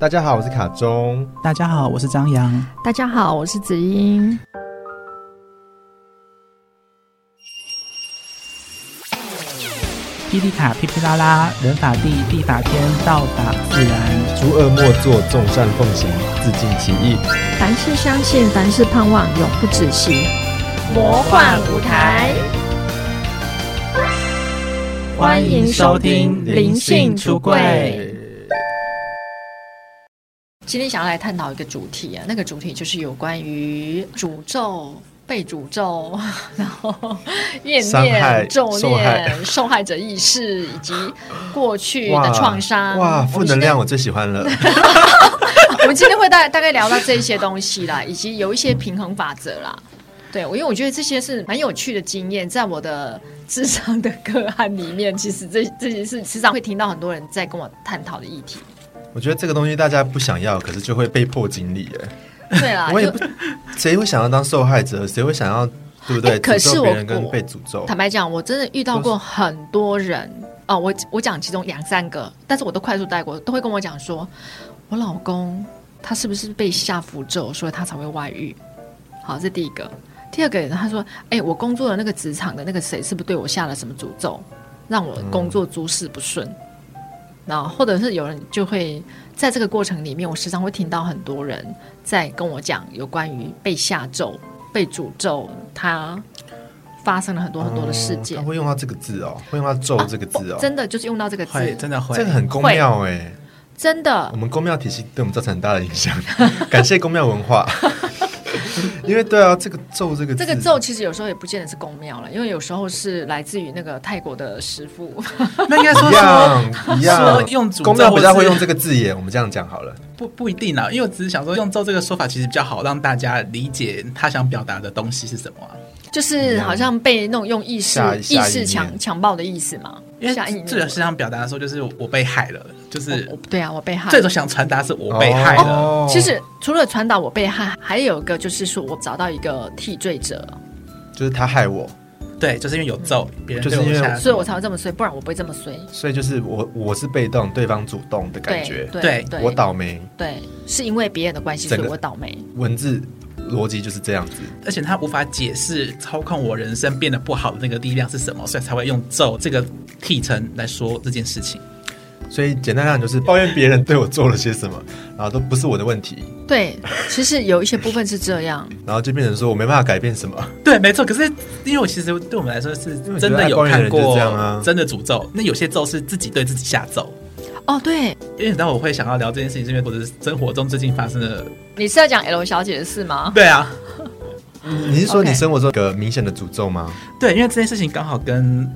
大家好，我是卡中。大家好，我是張揚。大家好，我是子英。霹靂卡霹靂拉拉、人法地，地法天，道法自然。諸惡莫作，眾善奉行，自淨其意。凡事相信，凡事盼望，永不止息。魔幻舞台，歡迎收聽《靈性出櫃》。今天想要來探討一個主題啊，那個主題就是有關於詛咒、被詛咒，然後怨念、傷害、咒念、受害、受害者意識，以及過去的創傷哇。哇，負能量我最喜歡了。我們今天會大大概聊到這些東西啦，以及有一些平衡法則啦。嗯、對，我因為我覺得這些是蠻有趣的經驗，在我的智商的個案裡面，其實這這些是時常會聽到很多人在跟我探討的議題。我覺得這個東西大家不想要，可是就會被迫經歷哎。對啦、啊， 我也不，就誰會想要當受害者？誰會想要對不對？欸、可是我詛咒別人跟被詛咒。坦白講，我真的遇到過很多人是哦，我我講其中兩三個，但是我都快速帶過，都會跟我講說，我老公他是不是被下符咒，所以他才會外遇？好，這是第一個。第二個，然後他說，哎，我工作的那個職場的那個誰是不是對我下了什麼詛咒，讓我工作諸事不順？嗯那或者是有人就會在這個過程裡面，我時常會聽到很多人在跟我講有關於被下咒、被詛咒，它發生了很多很多的事件、哦。他會用到這個字哦，會用到“咒”這個字哦，啊、哦真的就是用到這個字，會真的會這個很宮廟哎，真的，我們宮廟體系對我們造成很大的影響， 感謝宮廟文化。 因為對啊，這個咒這個字，這個咒其實有時候也不見得是宮廟了因為有時候是來自於那個泰國的師傅。 那應該說一樣一樣，說用宮廟比較會用這個字眼，我們這樣講好了。不，不一定啊，因為我只是想說用咒這個說法其實比較好讓大家理解他想表達的東西是什麼、啊。就是好像被那種用意識一下一下一意識強強暴的意思嘛。因為作者實際上表達說就是我被害了。就是我我對啊，我被害了。最終想傳達是我被害了。Oh, oh, 其實除了傳達我被害，還有一個就是說，我找到一個替罪者，就是他害我。對，就是因為有咒，別、嗯、別人就是因為，所以我才會這麼衰，不然我不會這麼衰。所以就是我，我是被動，對方主動的感覺。對，對我倒霉。對，是因為別人的關係，所以我倒霉。文字邏輯就是這樣子，而且他無法解釋操控我人生變得不好的那個力量是什麼，所以才會用咒這個替程來說這件事情。所以簡單講就是抱怨別人對我做了些什麼， 然後都不是我的問題。對，其實有一些部分是這樣， 然後就變成說我沒辦法改變什麼。對，沒錯。可是因為我其實對我們來說是真的有看過，真的詛咒。那、啊、有些咒是自己對自己下咒。哦，對。因為那我會想要聊這件事情，是因為我的生活中最近發生的。你是要講 L 小姐的事嗎？對啊。 嗯、你是說你生活中一個明顯的詛咒嗎？Okay 對，因為這件事情剛好跟。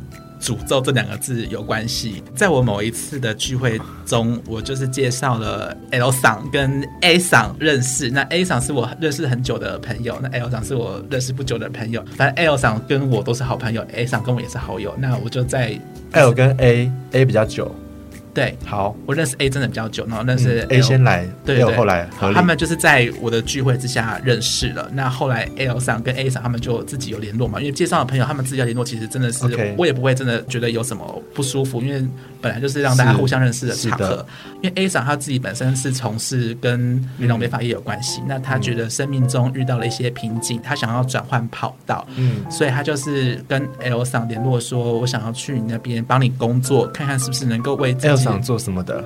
詛咒這兩個字有關係。在我某一次的聚會中，我就是介紹了 L 桑跟 A 桑認識。那 A 桑是我認識很久的朋友，那 L 桑是我認識不久的朋友。反正 L 桑跟我都是好朋友，A 桑跟我也是好友。那我就在不是 L 跟 A，A 比較久。對，好，我認識 A 真的比較久，然後認識 L、嗯、A 先來對，對對，後來好，他們就是在我的聚會之下認識了。那後來 L 上跟 A 上，他們就自己有聯絡嘛，因為介紹的朋友，他們自己要聯絡，其實真的是，Okay 我也不會真的覺得有什麼不舒服，因為。本來就是讓大家互相認識的場合，是，是的，因為 A 桑，他自己本身是從事跟運動美髮也有關係。嗯、那他覺得生命中遇到了一些瓶頸，他想要轉換跑道，嗯，所以他就是跟 L 桑聯絡說，我想要去你那邊幫你工作，看看是不是能夠為自己 L 桑做什麼的。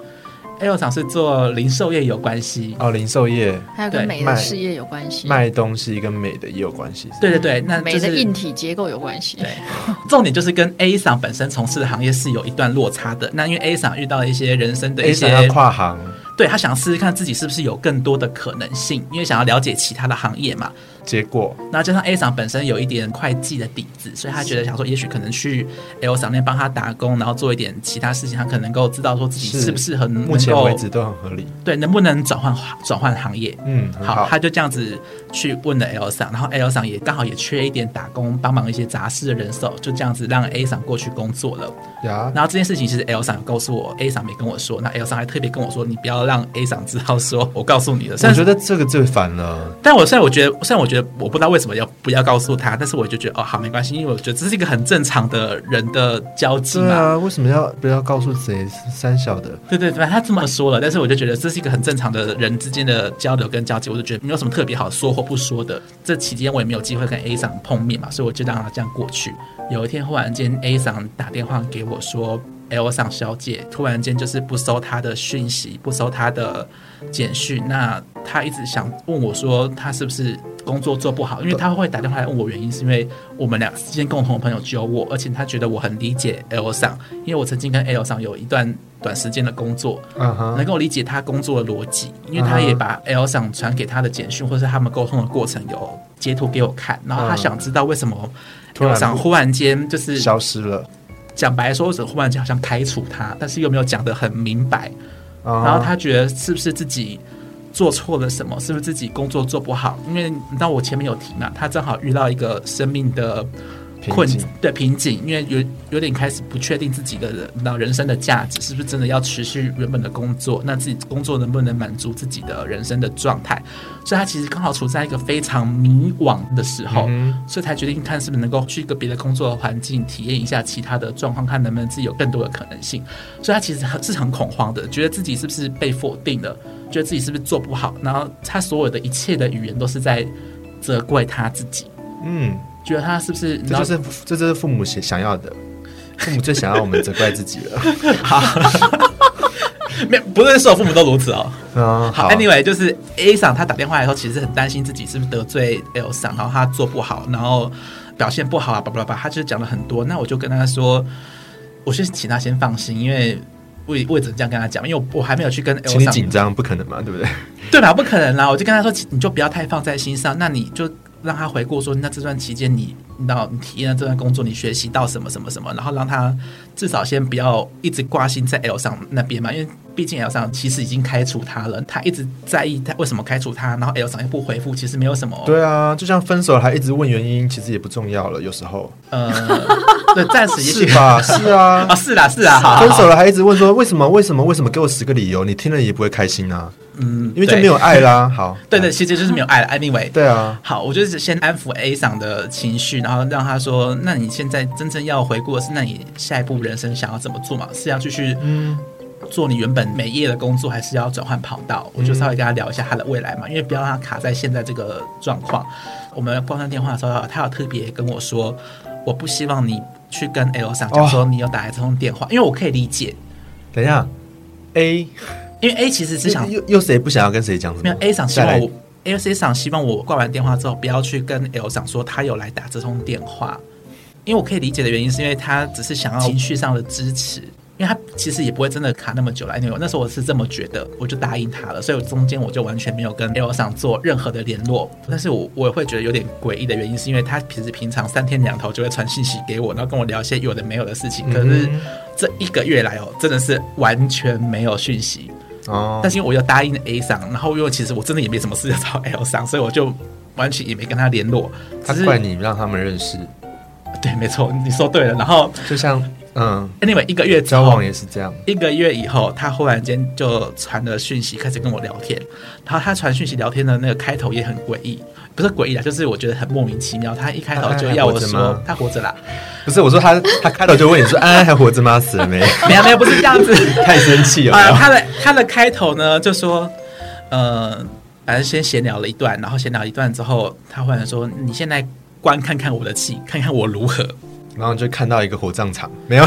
A 廠是做零售業有關係哦，零售業還有跟美的事業有關係，對賣，賣東西跟美的也有關係。對對對，那、就是、美的硬體結構有關係。重點就是跟 A 廠本身從事的行業是有一段落差的。那因為 A 廠遇到了一些人生的一些 A 廠要跨行，對，他想試試看自己是不是有更多的可能性，因為想要了解其他的行業嘛。結果，那加上 A 廠本身有一點會計的底子，所以他覺得想說，也許可能去 L 廠那邊幫他打工，然後做一點其他事情，他可能夠知道說自己適不適合。目前為止都很合理。對，能不能轉換轉換行業？嗯，好，好他就這樣子去問了 L 廠，然後 L 廠也剛好也缺一點打工幫忙一些雜事的人手，就這樣子讓 A 廠過去工作了。呀然後這件事情其實 L 廠告訴我，A 廠沒跟我說。那 L 廠還特別跟我說，你不要讓 A 廠知道，說我告訴你了。但我覺得這個最煩了、啊。但我雖然我覺得，雖然我覺得。我不知道為什麼要不要告訴他，但是我就覺得哦，好，沒關係，因為我覺得這是一個很正常的人的交際嘛。對啊，為什麼要不要告訴誰三小的？對對對，他這麼說了，但是我就覺得這是一個很正常的人之間的交流跟交際，我就覺得沒有什麼特別好說或不說的。這期間我也沒有機會跟 A 桑碰面嘛，所以我就讓他這樣過去。有一天忽然間 A 桑打電話給我說。L 上小姐突然間就是不收她的訊息，不收她的簡訊。那她一直想問我說，她是不是工作做不好？因為她會打電話來問我原因，嗯、是因為我們倆之間共同的朋友只有我，而且她覺得我很理解 L 上，san, 因為我曾經跟 L 上有一段短時間的工作，嗯嗯嗯嗯、能夠理解她工作的邏輯。因為她也把 L 上傳給她的簡訊，或者是他們溝通的過程有截圖給我看，然後她想知道為什麼 L 上、嗯、忽然間就是消失了。講白說，或者忽然間好像開除他，但是又沒有講得很明白，uh huh. 然後他覺得是不是自己做錯了什麼？是不是自己工作做不好？因為你知道我前面有提嘛，啊，他正好遇到一個生命的困境的瓶頸，因為有有點開始不確定自己的人人生的價值，是不是真的要持續原本的工作？那自己工作能不能滿足自己的人生的狀態？所以，他其實剛好處在一個非常迷惘的時候，嗯、哼所以才決定看是不是能夠去一個別的工作環境，體驗一下其他的狀況，看能不能自己有更多的可能性。所以他其實是很恐慌的，覺得自己是不是被否定了？覺得自己是不是做不好？然後他所有的一切的語言都是在責怪他自己。嗯。覺得他是不是？你知道，是這就是父母想想要的，父母最想要我們責怪自己了。沒不認識我父母都如此哦。好，Anyway，就是 A さん他打電話以後，其實很擔心自己是不是得罪 L さん，然後他做不好，然後表現不好，啊。不不不，他就是講了很多。那我就跟他說，我是請他先放心，因為我也我也只能這樣跟他講？因為我還沒有去跟 L さん你緊張，不可能嘛，對不對？對吧？不可能啦。我就跟他說，你就不要太放在心上，那你就。讓他回顧說，那這段期間你，然後你體驗了這段工作，你學習到什麼什麼什麼，然後讓他至少先不要一直掛心在 L 上那邊嘛，因為畢竟 L 上其實已經開除他了，他一直在意他為什麼開除他，然後 L 上又不回覆，其實沒有什麼。對啊，就像分手還一直問原因，其實也不重要了，有時候。呃，對，暫時也 是吧？是啊，是啦、哦，是啊，分手了還一直問說為什麼為什麼為什麼給我十個理由，你聽了也不會開心啊。嗯，因為就沒有愛啦。對，好，對，對對，其實就是沒有愛了。嗯、anyway，對啊。好，我就是先安撫 A 嗓，的情緒，然後讓他說：“那你現在真正要回顧的是，那你下一步人生想要怎麼做嘛？是要繼續做你原本美業的工作，還是要轉換跑道？”我就稍微跟他聊一下他的未來嘛，嗯、因為不要讓他卡在現在這個狀況。我們掛上電話的時候，他有特別跟我說：“我不希望你去跟 L 嗓說你有打這通電話，哦、因為我可以理解。”等一下、嗯，A。因為 A 其實只想又又誰不想要跟誰講什麼？沒有 A 想希望 L C 想希望我掛在完電話之後不要去跟 L 想說他有來打這通電話，因為我可以理解的原因是因為他只是想要情緒上的支持，因為他其實也不會真的卡那麼久來。那個那時候我是這麼覺得，我就答應他了，所以我中間我就完全沒有跟 L 想做任何的聯絡。但是我我也會覺得有點詭異的原因是因為他平時平常三天兩頭就會傳信息給我，然後跟我聊一些有的沒有的事情。可是這一個月來哦、喔，真的是完全沒有訊息。哦，但是因為我又答應了 A 上，然後因為其實我真的也沒什麼事要找 L 上，所以我就完全也沒跟他聯絡。只他怪你讓他們認識，對，沒錯，你說對了。然後就像嗯，Anyway，一個月後交往也是這樣，一個月以後，他忽然間就傳了訊息開始跟我聊天，然後他傳訊息聊天的那個開頭也很詭異。不是詭異啦，就是我覺得很莫名其妙。他一開頭就要我說他活着啦，不是我說他，他開頭就問你說安安還活着嗎？死了沒？沒有沒有，不是這樣子，太生氣了。他的他的開頭呢，就說呃，反正先閒聊了一段，然後閒聊一段之後，他忽然說：“你現在觀看看我的氣，看看我如何。”然後就看到一個火葬場，沒有？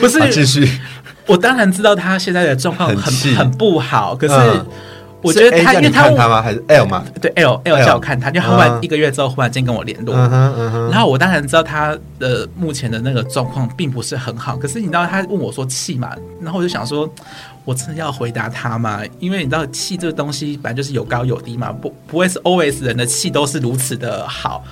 不是，繼續。我當然知道他現在的狀況很很不好，可是。我覺得他，看他因為他問他嗎？還是 L 嗎？對，L L 叫我看他，就 L, 後來一個月之後忽然間跟我聯絡，uh huh, uh huh. 然後我當然知道他的目前的那個狀況並不是很好。可是你知道他問我說氣嘛？然後我就想說，我真的要回答他嗎？因為你知道氣這個東西本來就是有高有低嘛，不不會是 always 人的氣都是如此的好。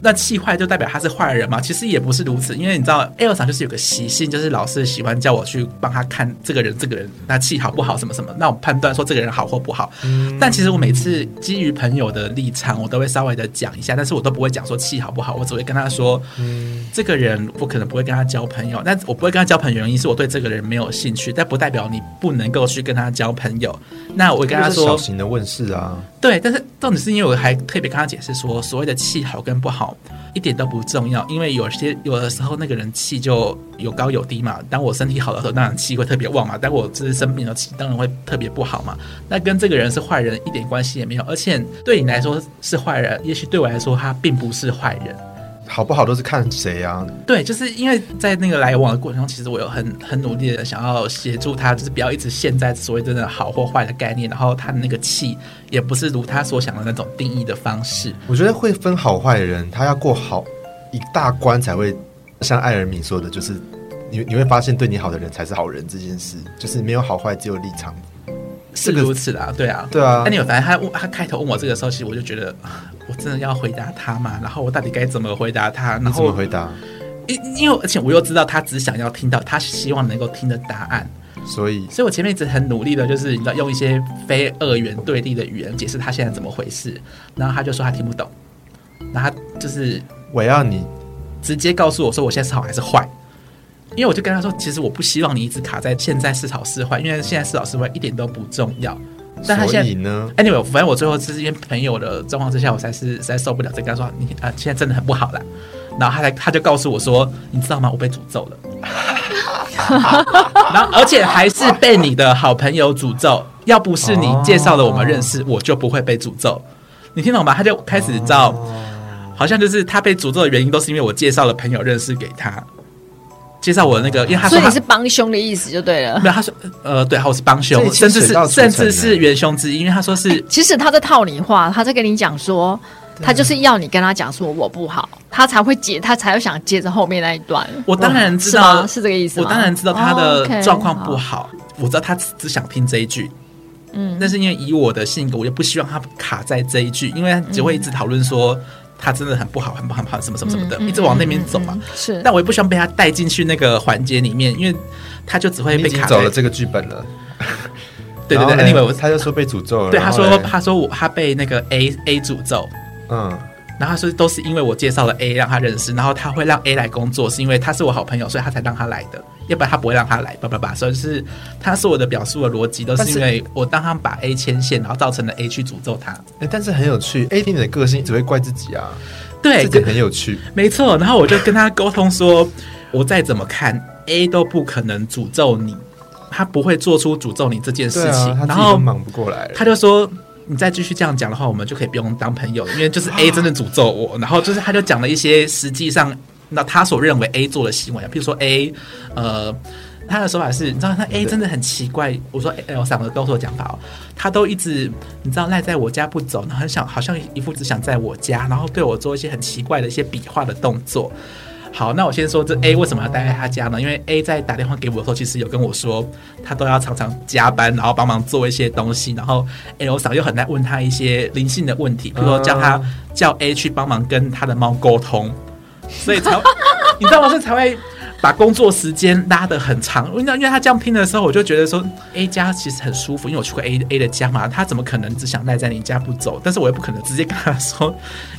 那氣壞就代表他是壞人嘛，其實也不是如此，因為你知道，Elsa 就是有個習性，就是老是喜歡叫我去幫他看這個人、這個人那氣好不好什麼什麼，那我判斷說這個人好或不好。嗯、但其實我每次基於朋友的立場，我都會稍微的講一下，但是我都不會講說氣好不好，我只會跟他說，嗯、這個人我可能不會跟他交朋友。那我不會跟他交朋友，原因是我對這個人沒有興趣。但不代表你不能夠去跟他交朋友。那我會跟他說，小型的問世啊，對。但是到底是因為我還特別跟他解釋說，所謂的氣好跟不好。一點都不重要，因為有些有的時候那個人氣就有高有低嘛。當我身體好的時候，那人氣會特別旺嘛，當我這次生病了，氣當然會特別不好嘛。那跟這個人是壞人一點關係也沒有，而且對你來說是壞人，也許對我來說他並不是壞人。好不好都是看誰啊？對，就是因為在那個來往的過程中，其實我有很很努力的想要協助他，就是不要一直陷在所謂真的好或壞的概念。然後他的那個氣也不是如他所想的那種定義的方式。我覺得會分好壞的人，他要過好一大關才會像艾爾敏說的，就是你你會發現對你好的人才是好人這件事，就是沒有好壞，只有立場。是如此啦，這個，對啊，對啊。那你有，反正他問，他開頭問我這個時候，其實我就覺得，我真的要回答他嘛。然後我到底該怎麼回答他？然後怎麼回答？因因為而且我又知道他只想要聽到他希望能夠聽的答案，所以，所以我前面一直很努力的，就是你知道用一些非二元對立的語言解釋他現在怎麼回事，然後他就說他聽不懂，然後就是我要你、嗯、直接告訴我說我現在是好還是壞。因為我就跟他說，其實我不希望你一直卡在現在是好是壞，因為現在是好是壞一點都不重要。但他現在，Anyway, 反正我最後就是因為朋友的狀況之下，我才是實在受不了，才跟他說你啊、呃，現在真的很不好了。然後他才他就告訴我說，你知道嗎？我被詛咒了， 然後而且還是被你的好朋友詛咒。要不是你介紹了我們認識，oh. 我就不會被詛咒。你聽懂嗎？他就開始造，好像就是他被詛咒的原因都是因為我介紹了朋友認識給他。介紹我的那個，因為他說他所以你是幫凶的意思就對了。沒有，他說呃，對好，我是幫凶，隨隨隨隨甚至是甚至是元凶之一，因為他說是。欸、其實他在套你話，他在跟你講說，對他就是要你跟他講說我不好，他才會接，他才會想接着後面那一段。我當然知道，是這個意思。我當然知道他的狀況不好，oh, okay, 我知道他只想聽這一句。嗯好，但是因為以我的性格，我就不希望他卡在這一句，因為他只會一直討論說。嗯他真的很不好，很不好，不好，什麼什麼什麼的，嗯嗯嗯、一直往那邊走嘛。嗯嗯、是，但我也不希望被他帶進去那個環節裡面，因為他就只會被卡。走了這個劇本了， 對對對，anyway，我他就說被詛咒了，對他說，他說我他被那個 A A 詛咒，嗯。然後他說都是因為我介紹了 A 讓他認識，然後他會讓 A 來工作，是因為他是我好朋友，所以他才讓他來的，要不然他不會讓他來。叭叭叭，所以就是他是我的表述的邏輯，都是因為我當他把 A 牽線，然後造成了 A 去詛咒他。但是很有趣，A 你的個性只會怪自己啊，對這個很有趣，沒錯。然後我就跟他溝通說， 我再怎麼看 A 都不可能詛咒你，他不會做出詛咒你這件事情。然後、啊、忙不過來了，他就說。你再繼續這樣講的話，我們就可以不用當朋友了，因為就是 A 真的詛咒我，哇然後就是他就講了一些實際上那他所認為 A 做的行為啊，譬如說 A，呃，他的手法是，你知道他 A 真的很奇怪。對我說，哎，我嗓子告訴我講法哦，他都一直你知道賴在我家不走，然後很想好像一副只想在我家，然後對我做一些很奇怪的一些比劃的動作。好，那我先說這 A 為什麼要待在他家呢？因為 A 在打電話給我的時候，其實有跟我說，他都要常常加班，然後幫忙做一些東西。然後 L 嫂又很愛問他一些靈性的問題，比如說叫他叫 A 去幫忙跟他的貓溝通，所以才 你知道我是才會把工作時間拉得很長。我跟你講，因為他這樣拼的時候，我就覺得說 A 家其實很舒服，因為我去過 A A 的家嘛，他怎麼可能只想賴在你家不走？但是我又不可能直接跟他說，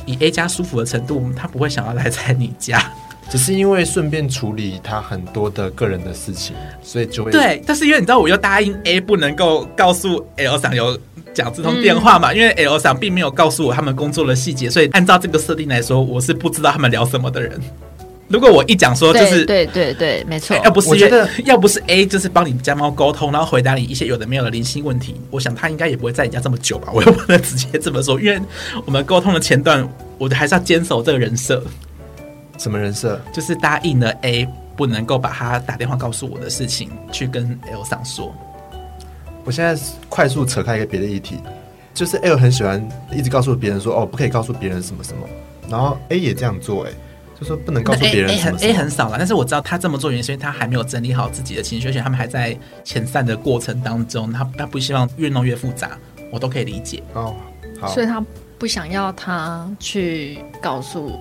以 A 家舒服的程度，他不會想要賴在你家。只是因為順便處理他很多的個人的事情，所以就會。對，但是因為你知道，我又答應 A 不能夠告訴 L 桑有講這通電話嘛，嗯、因為 L 桑並沒有告訴我他們工作的細節，所以按照這個設定來說，我是不知道他們聊什麼的人。如果我一講說就是對對對，對，沒錯。要不是我覺得要不是 A 就是幫你家貓溝通，然後回答你一些有的沒有的零星問題，我想他應該也不會在你家這麼久吧。我又不能直接這麼說，因為我們溝通的前段，我還是要堅守這個人設。什麼人設？就是答應了 A 不能夠把他打電話告訴我的事情去跟 L 上說。我現在快速扯開一個別的議題，就是 L 很喜歡一直告訴別人說：“哦，不可以告訴別人什麼什麼。”然後 A 也這樣做，哎，就說不能告訴別人什麼。A 很 A 很少啦，但是我知道他這麼做原因，是因為他還沒有整理好自己的情緒，而且他們還在遣散的過程當中。他他不希望越弄越複雜，我都可以理解哦。好，所以他不想要他去告訴。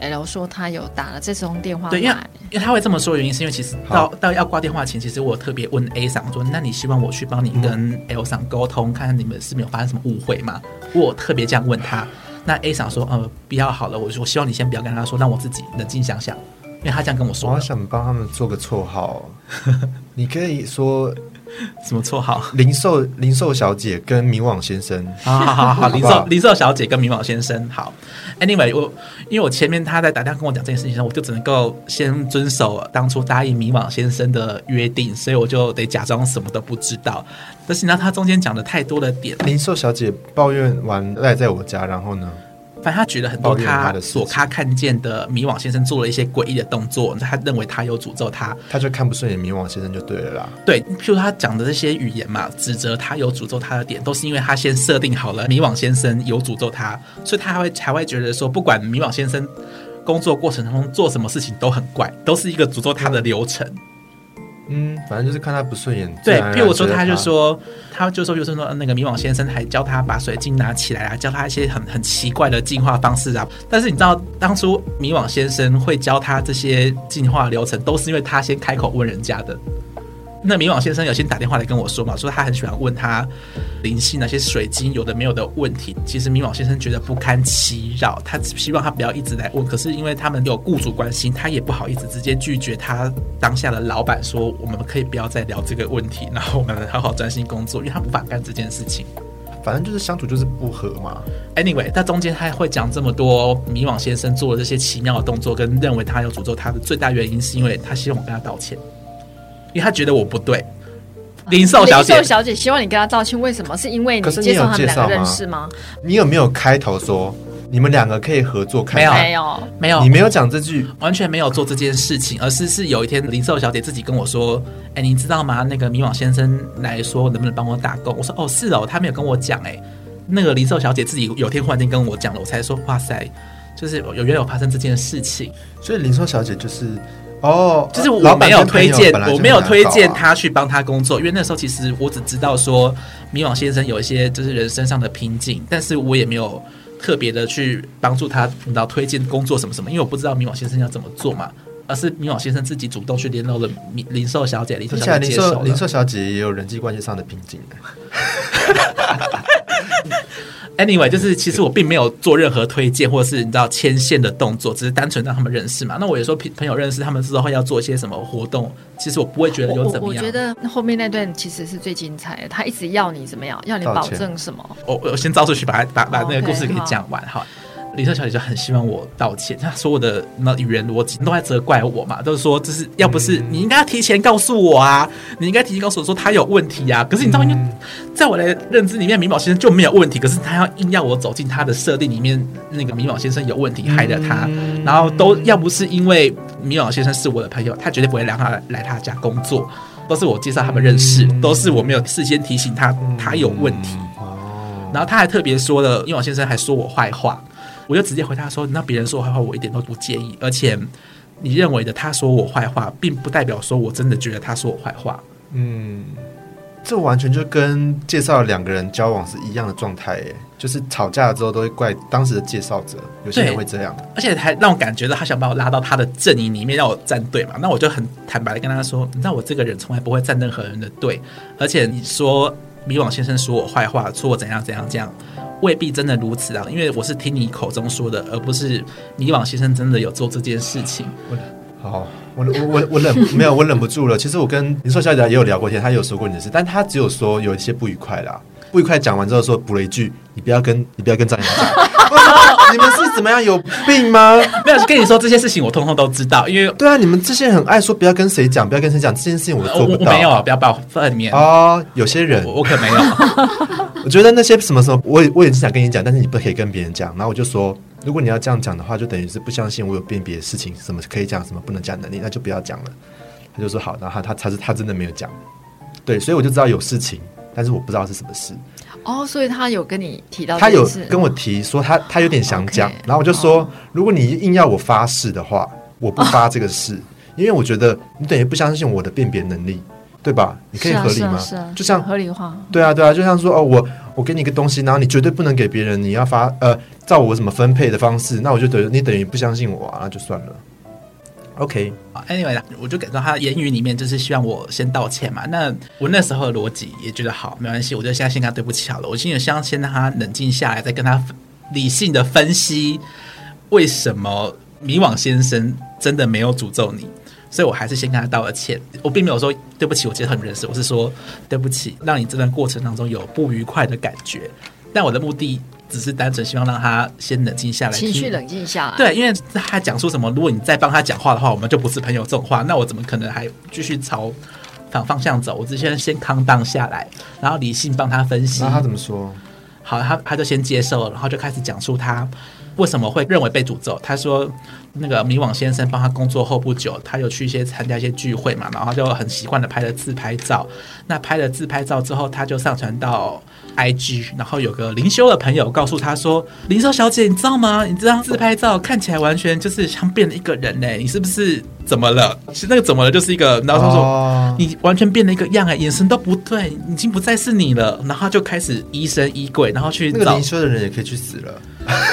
L 說他有打了這通電話。對，因為因為他會這麼說的原因，是因為其實到好到要掛電話前，其實我特別問 A 想說：“那你希望我去幫你跟 L 上溝通，看、嗯、看你們是沒有發生什麼誤會嗎？”我特別這樣問他。那 A 上說：“呃、嗯，不要好了，我說我希望你先不要跟他說，讓我自己冷靜想想。”因為他這樣跟我說，我想幫他們做個綽號， 你可以說。什麼綽號？靈獸靈獸小姐跟迷惘先生好，好好好，靈獸靈獸小姐跟迷惘先生好。Anyway，我因為我前面他在打電話跟我講這件事情，我就只能夠先遵守當初答應迷惘先生的約定，所以我就得假裝什麼都不知道。但是你知道，他中間講的太多的點，靈獸小姐抱怨完賴在我家，然後呢？反正他覺得很多他所他看見的迷惘先生做了一些詭異的動作，他認為他有詛咒他，他就看不順眼迷惘先生就對了啦。對，譬如他講的這些語言嘛，指責他有詛咒他的點，都是因為他先設定好了迷惘先生有詛咒他，所以他會才會覺得說，不管迷惘先生工作過程當中做什麼事情都很怪，都是一個詛咒他的流程。嗯嗯，反正就是看他不順眼。然然，對，譬如我說，他就說，他就說，就是說，他就是說那個迷惘先生還教他把水晶拿起來啊，教他一些很很奇怪的進化方式啊。但是你知道，當初迷惘先生會教他這些進化流程，都是因為他先開口問人家的。那迷惘先生有先打電話來跟我說嘛，說他很喜歡問他靈性那些水晶有的沒有的問題。其實迷惘先生覺得不堪其擾，他希望他不要一直來問。可是因為他們有雇主關係，他也不好意思直接拒絕他當下的老板說，我們可以不要再聊這個問題，然後我們好好專心工作，因為他無法幹這件事情。反正就是相處就是不和嘛。Anyway，那中間他還會講這麼多，哦、迷惘先生做的這些奇妙的動作，跟認為他有詛咒他的最大原因，是因為他希望我跟他道歉。因為他覺得我不對，林壽小姐，林壽小姐希望你跟她道歉，為什麼？是因為你介紹他們兩個認識嗎？你有介紹嗎？你有沒有開頭說你們兩個可以合作看看？開沒有，沒有，你沒有講這句，嗯，完全沒有做這件事情，而是是有一天林壽小姐自己跟我說：“哎，你知道嗎？那個迷惘先生來說能不能幫我打工？”我說：“哦，是哦。”他沒有跟我講，哎，那個林壽小姐自己有天忽然間跟我講了，我才說：“哇塞，就是有原來有發生這件事情。”所以林壽小姐就是。哦，oh, 就是我沒有推薦，啊、我沒有推薦他去幫他工作，因為那時候其實我只知道說迷惘先生有一些就是人身上的瓶頸，但是我也沒有特別的去幫助他，你知道推薦工作什麼什麼，因為我不知道迷惘先生要怎麼做嘛，而是迷惘先生自己主動去聯絡了零,零售小姐，零售小姐，零售小姐也有人際關係上的瓶頸。 Anyway，就是其實我並沒有做任何推薦或是你知道牽線的動作，只是單純讓他們認識嘛。那我也說朋朋友認識他們之後要做些什麼活動，其實我不會覺得有怎麼樣，我我。我覺得後面那段其實是最精彩的，他一直要你怎麼樣，要你保證什麼。我歉、oh, 我先招出去，把把把那個故事給講完哈。李特小姐就很希望我道歉，她說我的那語言邏輯都在責怪我嘛，都、就是說就是要不是你應該要提前告訴我啊，你應該提前告訴我說他有問題呀、啊。可是你知道嗎？因為在我的認知裡面，明寶先生就沒有問題，可是他要硬要我走進他的設定裡面，那個明寶先生有問題害了、嗯、他。然後都要不是因為明寶先生是我的朋友，他絕對不會讓他來他家工作，都是我介紹他們認識，都是我沒有事先提醒他他有問題。然後他還特別說了，明寶先生還說我壞話。我就直接回他說：“那別人說我壞話，我一點都不介意。而且，你認為的他說我壞話，並不代表說我真的覺得他說我壞話。嗯，這完全就跟介紹兩個人交往是一樣的狀態。哎，就是吵架了之後，都會怪當時的介紹者，有些人會這樣。而且還讓我感覺到他想把我拉到他的陣營裡面，讓我站隊嘛。那我就很坦白的跟他說：你知道我這個人從來不會站任何人的隊。而且你說李王先生說我壞話，說我怎樣怎樣這樣。”未必真的如此啊，因為我是聽你口中說的，而不是你往先生真的有做這件事情。啊、我，好，好，我我我忍，沒有，我忍不住了。 其實我跟林碩小姐也有聊過天，他也有說過你的事，但他只有說有一些不愉快啦，不愉快講完之後說補了一句：“你不要跟，你不要跟張。 啊”你們是怎麼樣？有病嗎？ 沒有，跟你說這些事情，我通通都知道。因為對啊，你們這些人很愛說不，不要跟誰講，不要跟誰講這件事情，我做不到。沒有啊，不要把我在面啊。Oh, 有些人我我，我可沒有。 我覺得那些什麼什麼，我也我也是想跟你講，但是你不可以跟別人講。然後我就說，如果你要這樣講的話，就等於是不相信我有辨別事情什麼可以講，什麼不能講的能力，那就不要講了。他就說好，然後他他他，他真的沒有講。對，所以我就知道有事情，但是我不知道是什麼事。哦，oh, 所以他有跟你提到這事，他有跟我提說他他有點想講，okay, 然後我就說，如果你硬要我發誓的話，oh. 我不發這個誓，oh. 因為我覺得你等於不相信我的辨別能力，對吧？你可以合理嗎？就像，是啊是啊是啊、合理化，對啊對啊，就像說哦，我我給你個東西，然後你絕對不能給別人，你要發呃，照我怎麼分配的方式，那我就等於你等於不相信我啊，那就算了。OK，Anyway 啦，Okay. anyway, 我就感到他的言語裡面就是希望我先道歉嘛。那我那時候的邏輯也覺得好，沒關係，我就先先跟他對不起好了。我現在想先讓他冷靜下來，再跟他理性的分析為什麼迷惘先生真的沒有詛咒你。所以我還是先跟他道了歉，我並沒有說對不起，我其實很認識，我是說對不起，讓你這段過程當中有不愉快的感覺。但我的目的。只是單純希望讓他先冷靜下來，情緒冷靜下來。對，因為他講出什麼，如果你再幫他講話的話，我們就不是朋友這種話，那我怎麼可能還繼續朝反方向走？我只先先 calm down 下來，然後理性幫他分析。那他怎麼說？好，他他就先接受了，然後就開始講述他為什麼會認為被詛咒。他說，那個迷惘先生幫他工作後不久，他又去一些參加一些聚會嘛，然後就很習慣的拍了自拍照。那拍了自拍照之後，他就上傳到。IG，然後有個靈修的朋友告訴他說：“靈修小姐，你知道嗎？你這張自拍照看起來完全就是像變了一個人嘞、欸，你是不是怎麼了？是那個怎麼了？就是一個，然後他說、oh. 你完全變了一個樣哎、欸，眼神都不對，已經不再是你了。”然後就開始疑神疑鬼，然後去找那個靈修的人也可以去死了，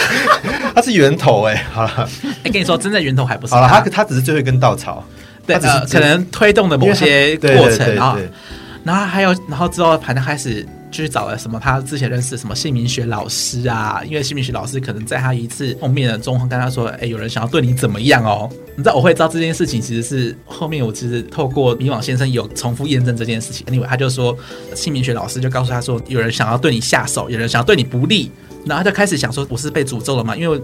他是源頭哎、欸。好了、欸，跟你說，真的源頭還不是好了，他他只是最後一根稻草，對、呃，可能推動了某些過程啊。然後還有，然後之後盤他開始。就去找了什麼？他之前認識什麼姓名學老師啊？因為姓名學老師可能在他一次碰面的中，跟他說：“誒、哎，有人想要對你怎麼樣哦？”你知道我會知道這件事情，其實是後面我其實透過迷惘先生有重複驗證這件事情。Anyway，他就說姓名學老師就告訴他說：“有人想要對你下手，有人想要對你不利。”然後他就開始想說，我是被詛咒了嗎？因為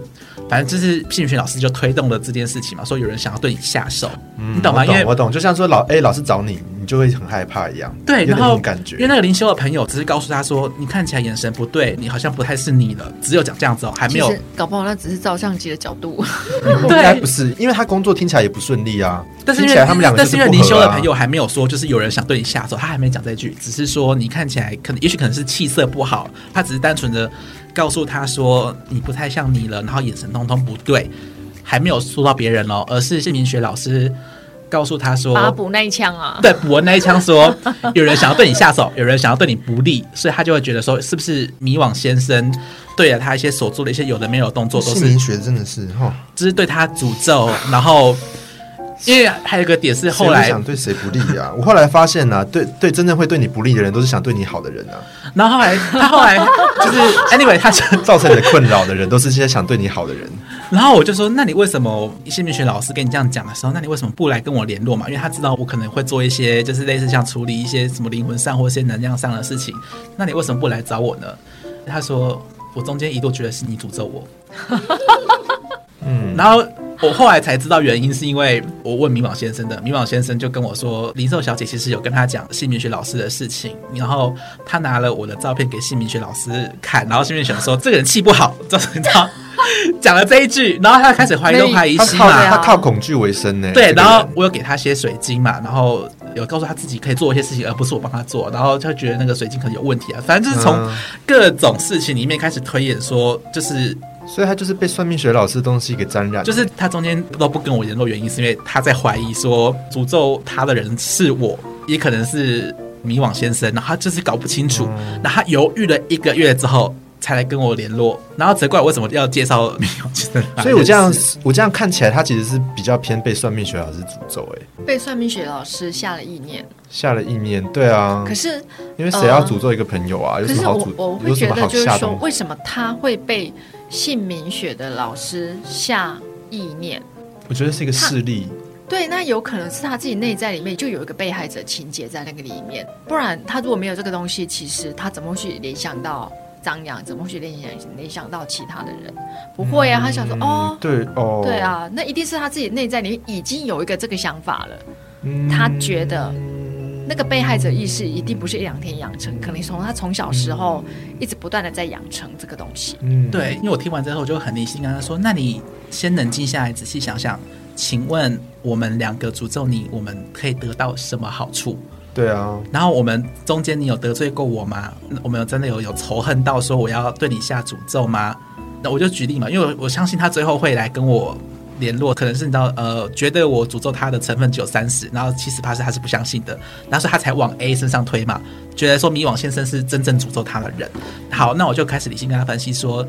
反正就是心理老師就推動了這件事情嘛，說有人想要對你下手，嗯、你懂嗎？我懂因為我懂，就像說老哎、欸、老師找你，你就會很害怕一樣。對，有點 然後感覺，因為那個林修的朋友只是告訴他說，你看起來眼神不對，你好像不太是你了。只有講這樣子哦，還沒有，搞不好那只是照相機的角度。嗯、 對應該不是，因為他工作聽起來也不順利啊。但是聽起來他們兩個是不、啊。但是因為林修的朋友還沒有說，就是有人想對你下手，他還沒講這句，只是說你看起來可能，也許可能是氣色不好，他只是單純的。告訴他說，你不太像你了，然後眼神通通不對，還沒有說到別人哦，而是謝明學老師告訴他說，補那一槍啊，對，補完那一槍說 有人想要對你下手，有人想要對你不利，所以他就會覺得說，是不是迷惘先生對了他一些所做的一些有的沒有的動作都是，明學真的是哈，只是對他詛咒，然後。因為還有一個點是後來是想對誰不利啊？ 我後來發現呢、啊，對對，真正會對你不利的人，都是想對你好的人呢、啊。然後後來他後來就是 ，Anyway，他造成你的困擾的人，都是這些想對你好的人。然後我就說，那你為什麼一些美學老師跟你這樣講的時候，那你為什麼不來跟我聯絡嘛？因為他知道我可能會做一些就是類似像處理一些什麼靈魂上或一些能量上的事情，那你為什麼不來找我呢？他說，我中間一度覺得是你詛咒我。 嗯，然後。我後來才知道原因，是因為我問迷茫先生的，迷茫先生就跟我說，零售小姐其實有跟他講姓名學老師的事情，然後他拿了我的照片給姓名學老師看，然後姓名學說這個人氣不好，造成他講了這一句，然後他開始懷疑,懷疑、懷疑、懷疑嘛。他靠恐懼為生呢。對，然後我有給他些水晶嘛，然後有告訴他自己可以做一些事情，而不是我幫他做。然後他覺得那個水晶可能有問題啊，反正就是從各種事情裡面開始推演說，說就是。所以他就是被算命學老師的東西給沾染，就是他中間都不跟我聯絡，原因是因為他在懷疑，說詛咒他的人是我，也可能是迷惘先生，然後他就是搞不清楚，嗯、然後他猶豫了一個月之後才來跟我聯絡，然後責怪我為什麼要介紹迷惘先生。所以我這樣，我這樣看起來，他其實是比較偏被算命學老師詛咒、欸，哎，被算命學老師下了意念，下了意念，對啊，可是、呃、因為誰要詛咒一個朋友啊？是我有什麼好詛咒？我會覺得就是說，為什麼他會被？姓名學的老師下意念，我覺得是一個事例。對，那有可能是他自己內在裡面就有一個被害者情結在那個裡面，不然他如果沒有這個東西，其實他怎麼會去聯想到張揚，怎麼會去聯想到聯想到其他的人？不會啊，他想說、嗯、哦，對哦，對啊，那一定是他自己內在裡面已經有一個這個想法了，嗯、他覺得。那個被害者意識一定不是一兩天養成，可能從他從小時候一直不斷的在養成這個東西。嗯，對，因為我聽完之後我就很理性跟他說：“那你先冷靜下來，仔細想想，請問我們兩個詛咒你，我們可以得到什麼好處？對啊。然後我們中間你有得罪過我嗎？我們有真的有有仇恨到說我要對你下詛咒嗎？那我就舉例嘛，因為我，我相信他最後會來跟我。”聯絡，可能是你知道，呃，覺得我詛咒他的成分只有三十，然後七十趴是他是不相信的，然後所以他才往 A 身上推嘛，覺得說，迷惘先生是真正詛咒他的人。好，那我就開始理性跟他分析說，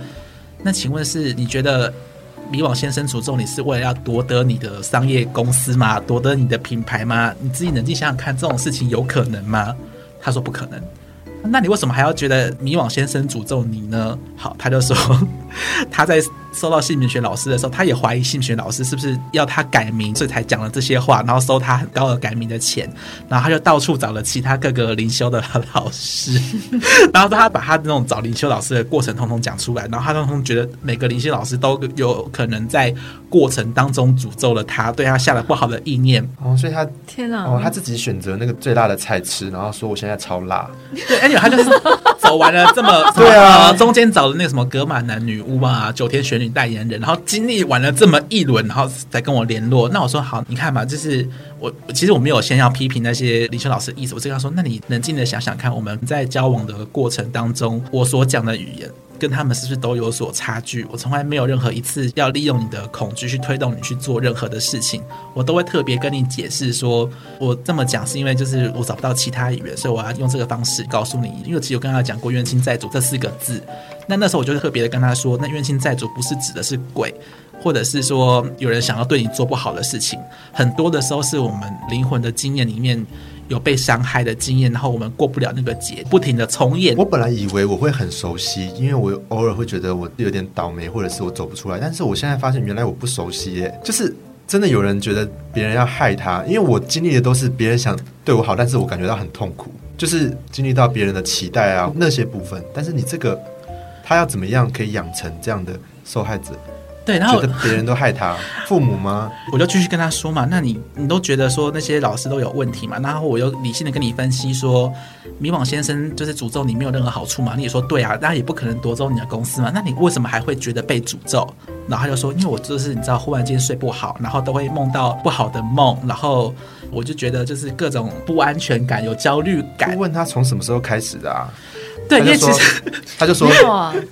那請問是你覺得迷惘先生詛咒你是為了要奪得你的商業公司嗎？奪得你的品牌嗎？你自己冷靜想想看，這種事情有可能嗎？他說不可能，那你為什麼還要覺得迷惘先生詛咒你呢？好，他就說。 他在收到姓名學老師的時候，他也懷疑姓名學老師是不是要他改名，所以才講了這些話，然後收他很高的改名的錢，然後他就到處找了其他各個靈修的老師， 然後他把他那種找靈修老師的過程通通講出來，然後他通通覺得每個靈修老師都有可能在過程當中詛咒了他，對他下了不好的意念，哦、所以他天吶、啊，哦，他自己選擇那個最辣的菜吃，然後說我現在超辣，對，哎、欸，他就說、是 我玩了這麼對啊， 中間找的那個什麼格瑪男女巫嘛、啊，九天玄女代言人，然後經歷玩了這麼一輪，然後再跟我聯絡。那我說好，你看吧，就是我其實我沒有先要批評那些靈修老師的意思，我只跟他說，那你冷靜的想想看，我們在交往的過程當中，我所講的語言。跟他們是不是都有所差距？我從來沒有任何一次要利用你的恐懼去推動你去做任何的事情，我都會特別跟你解釋說，我這麼講是因為就是我找不到其他語言，所以我要用這個方式告訴你。因為其實我跟他講過“冤親債主”這四個字，那那時候我就會特別的跟他說，那“冤親債主”不是指的是鬼，或者是說有人想要對你做不好的事情，很多的時候是我們靈魂的經驗裡面。有被傷害的經驗，然後我們過不了那個劫，不停的重演。我本來以為我會很熟悉，因為我偶爾會覺得我有點倒霉，或者是我走不出來。但是我現在發現，原來我不熟悉耶。就是真的有人覺得別人要害他，因為我經歷的都是別人想對我好，但是我感覺到很痛苦，就是經歷到別人的期待啊那些部分。但是你這個，他要怎麼樣可以養成這樣的受害者？對，然後別人都害他 父母嗎？我就繼續跟他說嘛，那你你都覺得說，那些老師都有問題嘛？然後我又理性的跟你分析說，迷茫先生就是詛咒你沒有任何好處嘛？你也說對啊，那也不可能奪走你的公司嘛？那你為什麼還會覺得被詛咒？然後他就說，因為我就是你知道，忽然間睡不好，然後都會夢到不好的夢，然後我就覺得就是各種不安全感，有焦慮感。問他從什麼時候開始的啊？對，因為其實他就說，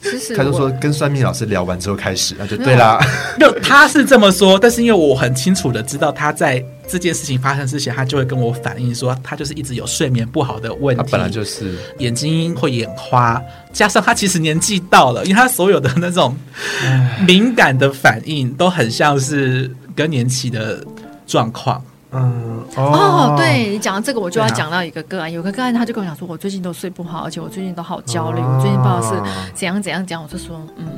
其實他就說跟算命老師聊完之後開始，那就、啊、對啦。沒有，他是這麼說， 但是因為我很清楚的知道他在這件事情發生之前，他就會跟我反映說，他就是一直有睡眠不好的問題，他本來就是眼睛會眼花，加上他其實年紀到了，因為他所有的那種敏感的反應都很像是更年期的狀況。嗯哦，哦，對你講到這個，我就要講到一個個案，啊、有個個案，他就跟我講說，我最近都睡不好，而且我最近都好焦慮，嗯、我最近不知道是怎樣怎樣講，我就說，嗯，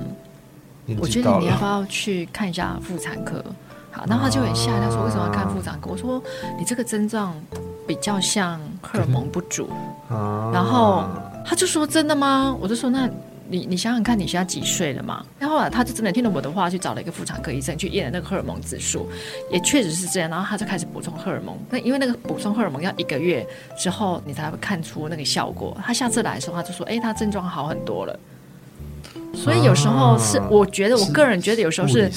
我覺得你要不要去看一下婦產科？好，那他就很嚇，他說為什麼要看婦產科？我說你這個症狀比較像荷爾蒙不足，嗯、然後他就說真的嗎？我就說那。你你想想看，你現在幾歲了嘛？然後啊，他就真的聽了我的話，去找了一個婦產科醫生去驗了那個荷爾蒙指數，也確實是這樣。然後他就開始補充荷爾蒙。那因為那個補充荷爾蒙要一個月之後你才會看出那個效果。他下次來的時候，他就說：“誒、哎，他症狀好很多了。”所以有時候是，我覺得我個人覺得有時候是，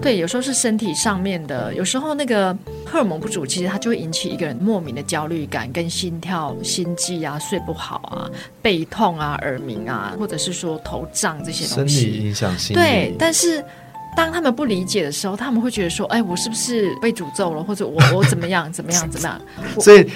對，有時候是身體上面的，有時候那個荷爾蒙不足，其實它就會引起一個人莫名的焦慮感，跟心跳、心悸啊，睡不好啊，背痛啊，耳鳴啊，或者是說頭脹這些東西。身體影響心理。對，但是當他們不理解的時候，他們會覺得說：“哎，我是不是被詛咒了？或者我我怎麼樣？怎麼樣？怎麼樣？” 所以，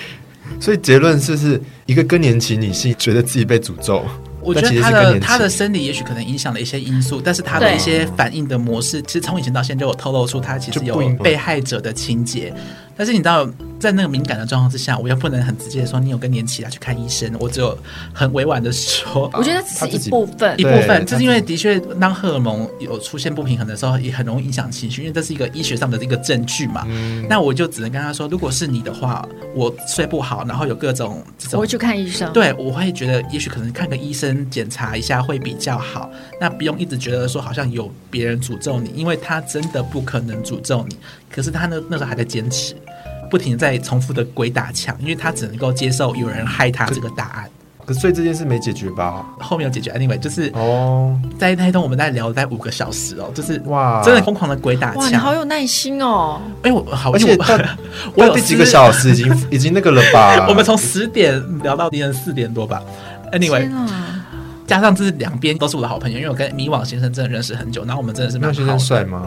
所以結論是，是一個更年期女性覺得自己被詛咒。我覺得他的他的生理也許可能影響了一些因素，但是他的一些反應的模式，對其實從以前到現在，就有透露出他其實有被害者的情節。但是你知道在那個敏感的狀況之下，我又不能很直接說你有更年期來去看醫生，我只有很委婉的說，啊、我覺得只是一部分，一部分對就是因為的確當荷爾蒙有出現不平衡的時候，也很容易影響情緒，因為這是一個醫學上的一個證據嘛。嗯、那我就只能跟他說，如果是你的話，我睡不好，然後有各種，這種，我會去看醫生。對，我會覺得也許可能看個醫生檢查一下會比較好，那不用一直覺得說好像有別人詛咒你，因為他真的不可能詛咒你，可是他那那時候還在堅持。不停在重複的鬼打牆，因為他只能夠接受有人害他這個答案。可所以這件事沒解決吧？後面有解決。Anyway，就是哦，在那通我們在聊在五個小時哦，就是哇，真的瘋狂的鬼打牆。你好有耐心哦。哎我好，而且我我幾個小時已經已經那個了吧？我們從十點聊到凌晨四點多吧。Anyway，加上這是兩邊都是我的好朋友，因為我跟迷惘先生真的認識很久，然後我們真的是迷惘先生帥嗎？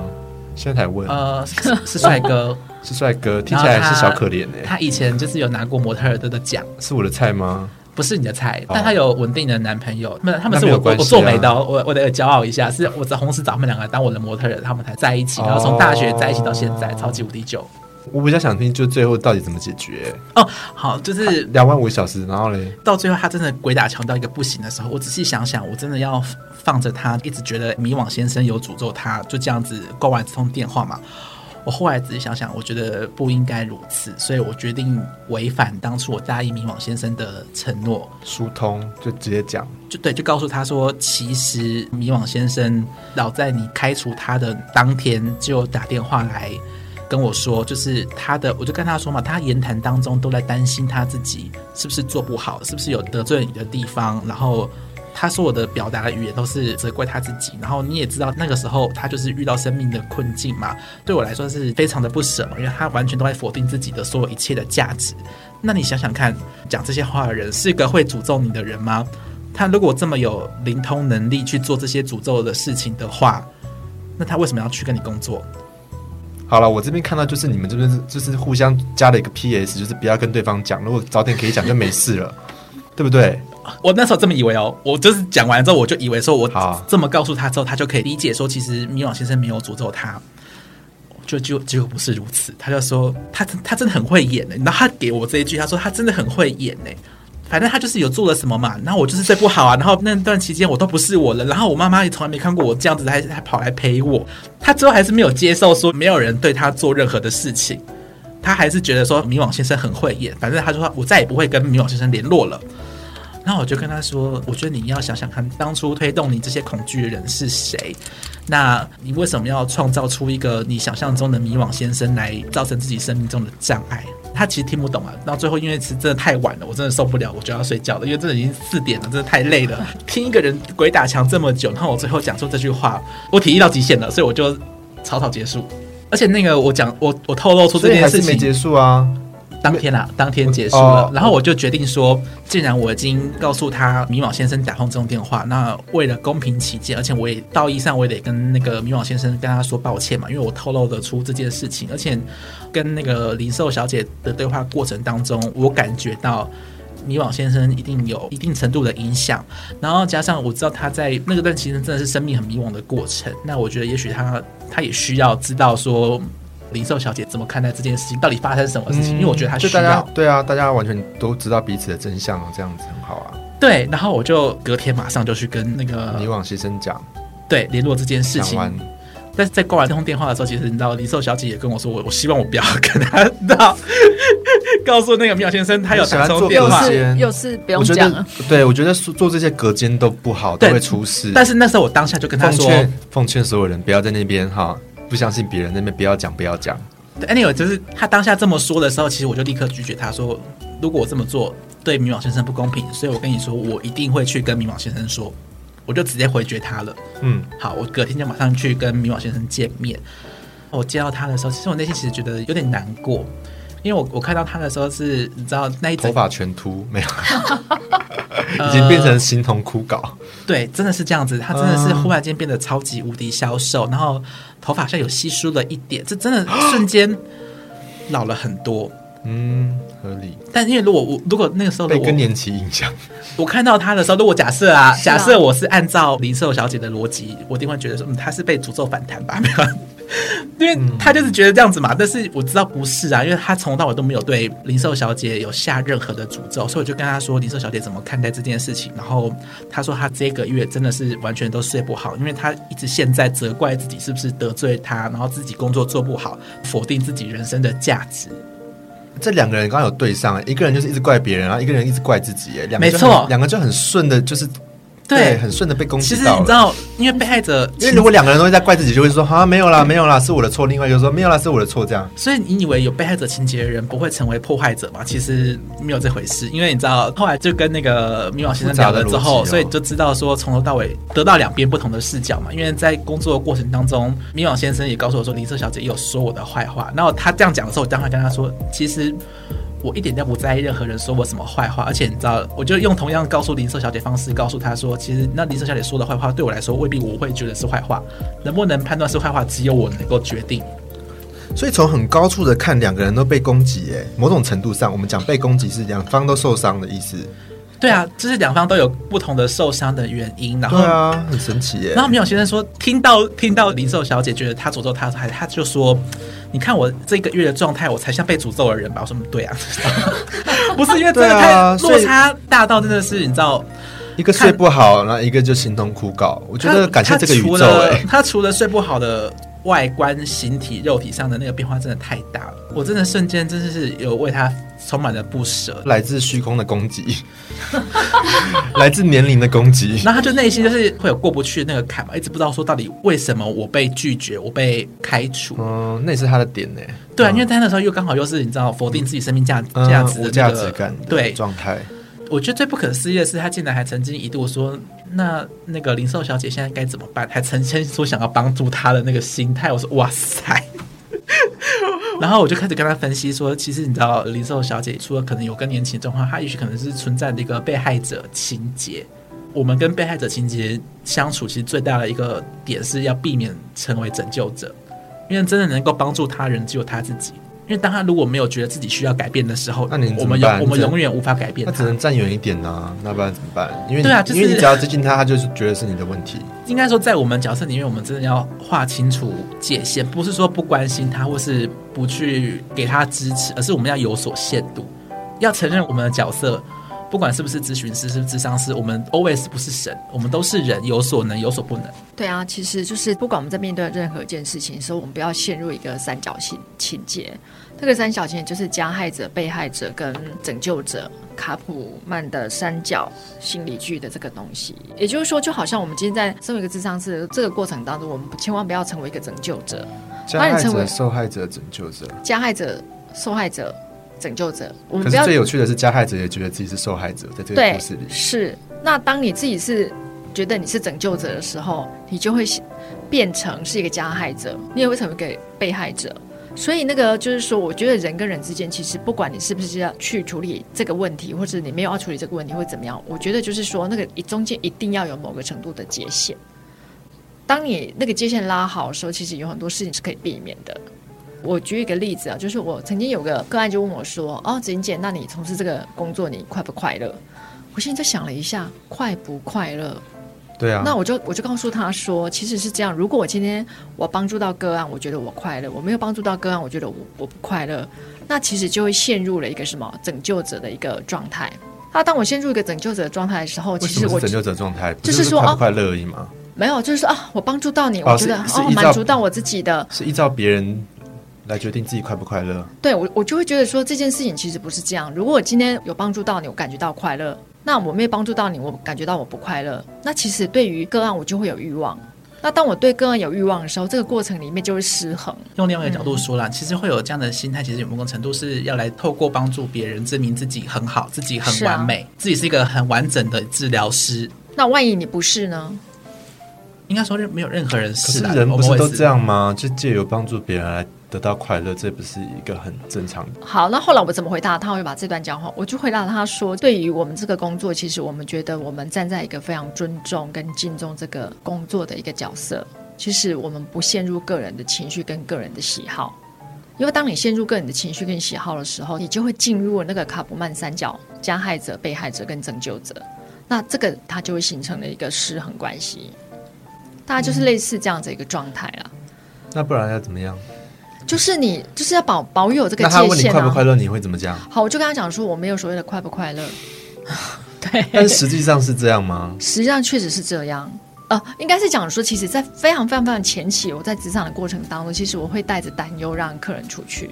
現在才問？呃，是帥哥。是帥哥，聽起來是小可憐哎、欸啊。他以前就是有拿過模特兒的的獎。嗯、是我的菜嗎？不是你的菜，哦、但他有穩定的男朋友，他們，他們是我，啊、我做媒的，我我得驕傲一下，是我公司找他們兩個當我的模特兒，他們才在一起，哦、然後從大學在一起到現在，哦、超級無敵久。我比較想聽，就最後到底怎麼解決。欸？哦，好，就是兩萬五小時，然後嘞，到最後他真的鬼打牆到一個不行的時候，我仔細想想，我真的要放着他，一直覺得迷惘先生有詛咒他，就這樣子掛完這通電話嘛。我後來仔細想想，我覺得不應該如此，所以我決定違反當初我答應迷惘先生的承諾，疏通就直接講，就對，就告訴他說，其實迷惘先生老在你開除他的當天就打電話來跟我說，就是他的，我就跟他說嘛，他言談當中都在擔心他自己是不是做不好，是不是有得罪你的地方，然後。他說：“我的表達的語言都是責怪他自己，然後你也知道那個時候他就是遇到生命的困境嘛。對我來說是非常的不捨，因為他完全都在否定自己的所有一切的價值。那你想想看，講這些話的人是一個會詛咒你的人嗎？他如果這麼有靈通能力去做這些詛咒的事情的話，那他為什麼要去跟你工作？好了，我這邊看到就是你們這邊是就是互相加了一個 PS，就是不要跟對方講。如果早點可以講就沒事了， 對不對？”我那時候這麼以為哦，我就是講完之後，我就以為說我、啊，我這麼告訴他之後，他就可以理解說，其實迷惘先生沒有詛咒他，就就就不是如此。他就說，他他真的很會演呢、欸。然後他給我這一句，他說他真的很會演呢、欸。反正他就是有做了什麼嘛，然後我就是睡不好啊。然後那段期間，我都不是我了。然後我媽媽也從來沒看過我這樣子還，還還跑來陪我。他最後還是沒有接受，說沒有人對他做任何的事情，他還是覺得說迷惘先生很會演。反正他就說，我再也不會跟迷惘先生聯絡了。那我就跟他說，我覺得你要想想看，當初推動你這些恐懼的人是誰？那你為什麼要創造出一個你想象中的迷惘先生來造成自己生命中的障礙？他其實聽不懂啊。到最後因為是真的太晚了，我真的受不了，我就要睡覺了，因為真的已經四點了，真的太累了。聽一個人鬼打牆這麼久，那我最後講出這句話，我體力到極限了，所以我就草草結束。而且那個我講，我我透露出這件事情沒結束啊。當天啦，當天結束了，嗯、然後我就決定說，既然我已經告訴他迷惘先生打通這種電話，那為了公平起見，而且我也道義上我也得跟那個迷惘先生跟他說抱歉嘛，因為我透露得出這件事情，而且跟那個零售小姐的對話過程當中，我感覺到迷惘先生一定有一定程度的影響，然後加上我知道他在那個段期間真的是生命很迷惘的過程，那我覺得也許他他也需要知道說。零售小姐怎麼看待這件事情？到底發生什麼事情？嗯、因為我覺得還是大家對啊，大家完全都知道彼此的真相，這樣子很好啊。對，然後我就隔天馬上就去跟那個李旺先生講，對，聯絡這件事情。問但是在掛完這通電話的時候，其實你知道，零售小姐也跟我說我，我我希望我不要跟他鬧，告訴那個苗先生，他有打收編嘛？又是不用講。對，我覺得做做這些隔間都不好，對都會出事。但是那時候我當下就跟他說，奉勸，奉勸所有人不要在那邊哈。不相信別人那邊不要講，不要講。對，anyway，就是他當下這麼說的時候，其實我就立刻拒絕他說，如果我這麼做對迷惘先生不公平，所以我跟你說，我一定會去跟迷惘先生說，我就直接回絕他了。嗯，好，我隔天就馬上去跟迷惘先生見面。我見到他的時候，其實我內心其實覺得有點難過，因為我我看到他的時候是，你知道那一頭髮全禿沒有？ 已經變成形同枯槁，呃，對，真的是這樣子。他真的是忽然間變得超級無敵消瘦，呃、然後頭髮像有稀疏了一點，這真的瞬間老了很多。嗯，合理。但因為如果我如果那個時候被更年期影響，我看到他的時候，如果假設啊，啊假設我是按照零售小姐的邏輯，我一定會覺得說，嗯，他是被詛咒反彈吧？沒有。因為他就是覺得這樣子嘛，嗯、但是我知道不是啊，因為他從頭到尾都沒有對零售小姐有下任何的詛咒，所以我就跟他說零售小姐怎麼看待這件事情。然後他說他這個月真的是完全都睡不好，因為他一直現在責怪自己是不是得罪他，然後自己工作做不好，否定自己人生的價值。這兩個人剛剛有對上，一個人就是一直怪別人，啊，一個人一直怪自己，兩個沒錯，兩個就很順的，就是。對，對，很順的被攻擊到了。其實你知道，因為被害者，因為如果兩個人都在怪自己，就會說，好，啊，沒有啦，沒有啦，是我的錯。嗯、另外一個說，就說沒有啦，是我的錯。這樣。所以你以為有被害者情結的人不會成為破壞者嗎？其實沒有這回事。嗯、因為你知道，後來就跟那個迷惘先生聊了之後，哦、所以就知道說，從頭到尾得到兩邊不同的視角嘛。因為在工作的過程當中，迷惘先生也告訴我說，林瑟小姐也有說我的壞話。然後他這樣講的時候，我當然跟他說，其實。我一點都不在意任何人說我什麼壞話，而且你知道，我就用同樣告訴林瑟小姐方式告訴她說，其實那林瑟小姐說的壞話對我來說未必我會覺得是壞話，能不能判斷是壞話只有我能夠決定。所以從很高處的看，兩個人都被攻擊，誒，某種程度上我們講被攻擊是兩方都受傷的意思。對啊，就是兩方都有不同的受傷的原因，然後對啊，很神奇耶。然後沒有先生說，聽到聽到零售小姐覺得她詛咒她，還他就說，你看我這個月的狀態，我才像被詛咒的人吧？我說對啊， 不是因為真的太落差大到真的是，你知道，啊、看一個睡不好，然後一個就形同枯槁。我覺得感謝除了這個宇宙他除了睡不好的外觀、形體、肉體上的那個變化，真的太大了。我真的瞬間真的是有為他。充滿了不捨，來自虛空的攻擊。 來自年齡的攻擊。那他就內心就是會有過不去的那個坎嘛，一直不知道說到底為什麼我被拒絕，我被開除。嗯，那也是他的點呢、欸？對啊，嗯、因為他那時候又剛好又是你知道否定自己生命價價值的價、那個嗯嗯、值感的對狀態。我覺得最不可思議的是，他竟然還曾經一度說：“那那個零售小姐現在該怎麼辦？”還曾經說想要幫助他的那個心態。我說：“哇塞。 ”然後我就開始跟她分析說，其實你知道，零售小姐除了可能有更年期的狀況，她也許可能是存在的一個被害者情結。我們跟被害者情結相處，其實最大的一個點是要避免成為拯救者，因為真的能夠幫助他人只有他自己。因為當他如果沒有覺得自己需要改變的時候，那你我們永我們永遠無法改變他，那只能站遠一點吶、啊，那不然怎麼辦？因為對啊，就是、因為你只要接近他，他就是覺得是你的問題。應該說，在我們角色裡面，我們真的要劃清楚界限，不是說不關心他或是不去給他支持，而是我們要有所限度，要承認我們的角色。不管是不是諮詢師，是不是諮商師，我們 always 不是神，我們都是人，有所能，有所不能。對啊，其實就是不管我們在面對任何一件事情的時候，我們不要陷入一個三角形情結。這個三角形就是加害者、被害者跟拯救者，卡普曼的三角心理劇的這個東西。也就是說，就好像我們今天在身為一個諮商師這個過程當中，我們千萬不要成為一個拯救者，把你成為受害者、拯救者、加害者、受害者。拯救者，我們可是最有趣的是，加害者也覺得自己是受害者，對在這個故事裡。是，那當你自己是覺得你是拯救者的時候，你就會變成是一個加害者，你也會成為一個被害者。所以那個就是說，我覺得人跟人之間，其實不管你是不是要去處理這個問題，或者你沒有要處理這個問題，或怎麼樣，我覺得就是說，那個一中間一定要有某個程度的界限。當你那個界限拉好的時候，其實有很多事情是可以避免的。我舉一個例子啊，就是我曾經有個個案就問我說：“哦，紫瑩姐，那你從事這個工作你快不快樂？”我現在在想了一下，快不快樂？對啊。那我就我就告訴他說，其實是這樣。如果我今天我幫助到個案，我覺得我快樂；我沒有幫助到個案，我覺得我我不快樂。那其實就會陷入了一個什麼拯救者的一個狀態。那、啊、當我陷入一個拯救者狀態的時候，其實我是拯救者狀態就是說啊，快樂而已嘛、啊。沒有，就是說啊，我幫助到你，我覺得哦，滿、哦、足到我自己的是依照別人。來決定自己快不快樂？對我，我就會覺得說這件事情其實不是這樣。如果我今天有幫助到你，我感覺到快樂；那我沒有幫助到你，我感覺到我不快樂。那其實對於個案，我就會有欲望。那當我對個案有欲望的時候，這個過程裡面就會失衡。用另外一個角度說啦，嗯、其實會有這樣的心態，其實有某種程度是要來透過幫助別人證明自己很好，自己很完美，啊、自己是一個很完整的治療師。那萬一你不是呢？應該說任，沒有任何人是。可是人不是都這樣嗎？就借由幫助別人來。得到快樂，這不是一個很正常。好，那後來我怎麼回答他？會把這段講話，我就回答他說：“對於我們這個工作，其實我們覺得我們站在一個非常尊重跟敬重這個工作的一個角色。其實我們不陷入個人的情緒跟個人的喜好，因為當你陷入個人的情緒跟喜好的時候，你就會進入那個卡普曼三角：加害者、被害者跟拯救者。那這個他就會形成了一個失衡關係，大家就是類似這樣子一個狀態了。嗯、那不然要怎麼樣？”就是你就是要保保有這個界限啊，那他問你快不快樂，你會怎麼講？好，我就跟他講說我沒有所謂的快不快樂， 對。但是實際上是這樣嗎？實際上確實是這樣。呃，應該是講說，其實，在非常非常非常前期，我在職場的過程當中，其實我會帶着擔憂讓客人出去。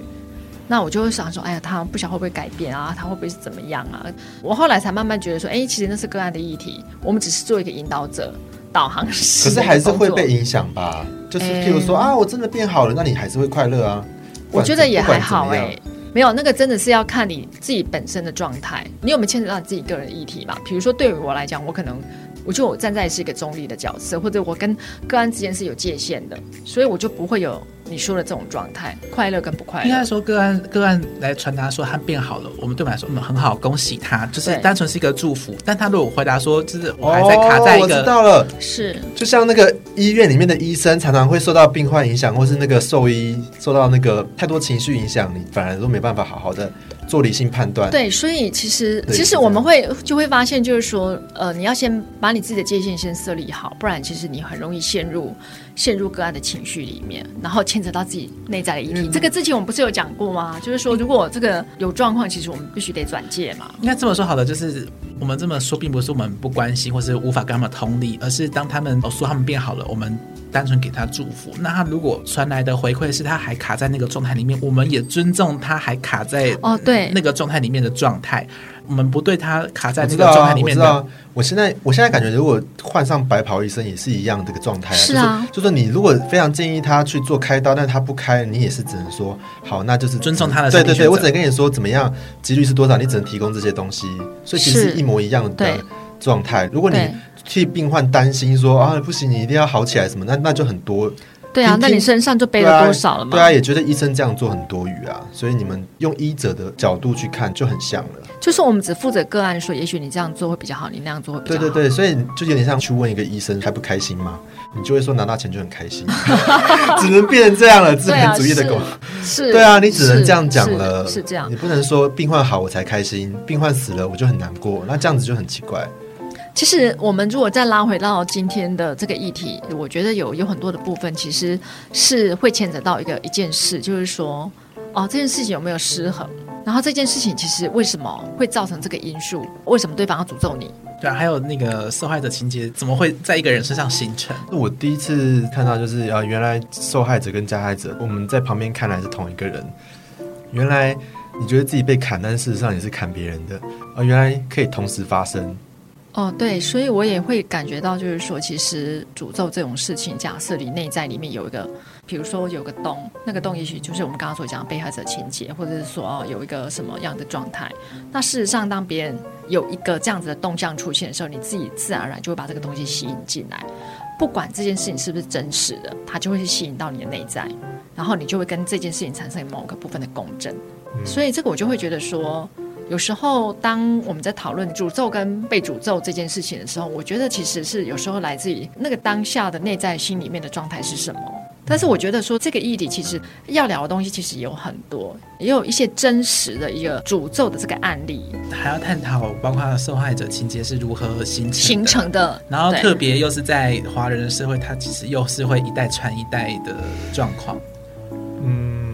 那我就會想說，哎呀，他不曉會不會改變啊？他會不會是怎麼樣啊？我後來才慢慢覺得說，哎，其實那是個案的議題，我們只是做一個引導者。導航可是還是會被影響吧？就是譬如說、欸、啊，我真的變好了，那你還是會快樂啊？我覺得也還好誒、欸，沒有，那個真的是要看你自己本身的狀態，你有沒有牽扯到你自己個人議題吧？比如說，對於我來講，我可能我就站在是一個中立的角色，或者我跟個案之間是有界限的，所以我就不會有。你說的這種狀態，快樂跟不快樂，應該說個案個案來傳達，說他變好了，我們對我們來說，嗯，很好，恭喜他，就是單純是一個祝福。對但他如果回答說，就是我還在卡在一、oh, 我知道了，是，就像那個醫院裡面的醫生常常會受到病患影響，或是那個獸醫受到那個太多情緒影響，你反而都沒辦法好好的。做理性判斷，對，所以其實對其實我們會對就會發現，就是說，呃，你要先把你自己的界限，先設立好，不然其實你很容易陷入陷入個案的情緒裡面，然後牽扯到自己內在的議題。嗯、這個之前我們不是有講過嗎？就是說，如果這個有狀況，其實我們必須得轉介嘛。應該這麼說好了，就是我們這麼說，並不是我們不關心，或是無法跟他們同理，而是當他們說他們變好了，我們。單純給他祝福，那他如果傳來的回饋是他還卡在那個狀態裡面，我們也尊重他還卡在哦對那個狀態裡面的狀態，我們不對他卡在那個狀態裡面我、啊。我知道、啊，我現在我現在感覺，如果換上白袍醫生也是一樣的一個狀態、啊。是啊、就是，就是你如果非常建議他去做開刀，但是他不開，你也是只能說好，那就是尊重他的。對對對，擇我只能跟你說怎麼樣，幾率是多少，你只能提供這些東西，所以其實是一模一樣的狀態。對，如果你。對替病患擔心說啊，不行，你一定要好起來什麼？那那就很多。對啊，那你身上就背了多少了嘛、啊？對啊，也覺得醫生這樣做很多餘啊。所以你們用醫者的角度去看，就很像了。就是我們只負責個案說，說也許你這樣做會比較好，你那樣做會比較好對對對，所以就有點像去問一個醫生還不開心嗎？你就會說拿到錢就很開心， 只能變成這樣了。資本主義的狗是， 是對啊，你只能這樣講了。是，是，是這樣，你不能說病患好我才開心，病患死了我就很難過， 那這樣子就很奇怪。其實，我們如果再拉回到今天的這個議題，我覺得有有很多的部分其實是會牽扯到一個一件事，就是說，哦，這件事情有沒有失衡？然後這件事情其實為什麼會造成這個因素？為什麼對方要詛咒你？對啊，還有那個受害者情結怎麼會在一個人身上形成？我第一次看到，就是啊、呃，原來受害者跟加害者，我們在旁邊看來是同一個人，原來你覺得自己被砍，但事實上你是砍別人的，啊、呃，原來可以同時發生。哦，對，所以我也會感覺到，就是說，其實詛咒這種事情，假設你內在裡面有一個，比如說有個洞，那個洞也許就是我們剛剛所講的被害者情結，或者是說哦有一個什麼樣的狀態，那事實上當別人有一個這樣子的動向出現的時候，你自己自然而然就會把這個東西吸引進來，不管這件事情是不是真實的，它就會去吸引到你的內在，然後你就會跟這件事情產生某個部分的共振，嗯、所以這個我就會覺得說。有時候，當我們在討論詛咒跟被詛咒這件事情的時候，我覺得其實是有時候來自於那個當下的內在心裡面的狀態是什麼。但是我覺得說這個議題其實要聊的東西其實也有很多，也有一些真實的一個詛咒的這個案例，還要探討包括受害者情節是如何形成形成的，的然後特別又是在華人的社會，對它其實又是會一代傳一代的狀況，嗯。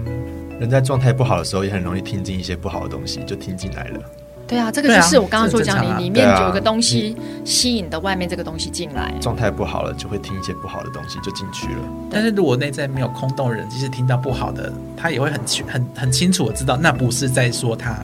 人在狀態不好的時候，也很容易聽進一些不好的東西，就聽進來了。對啊，這個就是我剛剛說講，你、啊啊、裡面有個東西吸引的外面這個東西進來、欸。狀態不好了，就會聽一些不好的東西，就進去了。對但是如果內在沒有空洞的人，人即使聽到不好的，他也會很清很很清楚的知道那不是在說他，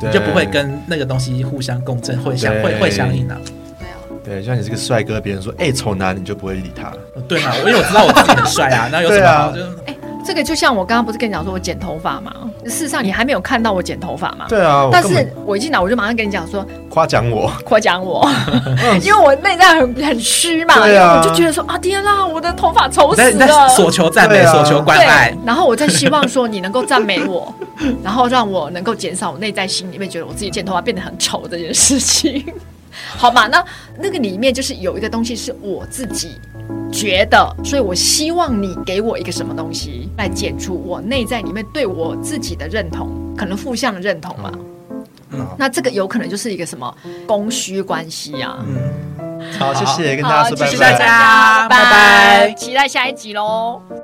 對你就不會跟那個東西互相共振，會相對會會相應啊。對啊。對，像你這個帥哥，別人說哎醜、欸、男，你就不會理他。對嗎、啊？因為我也知道我自己很帥啊，那 有什麼、啊、就。欸這個就像我剛剛不是跟你講說我剪頭髮嘛？事實上你還沒有看到我剪頭髮嗎？對啊，但是我一進來我就馬上跟你講說，誇獎我，誇獎我， 因為我內在很很虛嘛，對啊、我就覺得說啊天哪，我的頭髮醜死了，所求讚美，啊、所求關愛，然後我在希望說你能夠讚美我， 然後讓我能夠減少我內在心裡面覺得我自己剪頭髮變得很醜這件事情。好吧，那那個裡面就是有一個東西是我自己覺得，所以我希望你給我一個什麼東西來檢出我內在裡面對我自己的認同，可能負向的認同嘛。嗯，嗯，那這個有可能就是一個什麼供需關係啊。嗯，好，謝謝，跟大家說拜拜。謝謝大家，拜拜，拜拜，期待下一集嘍。嗯。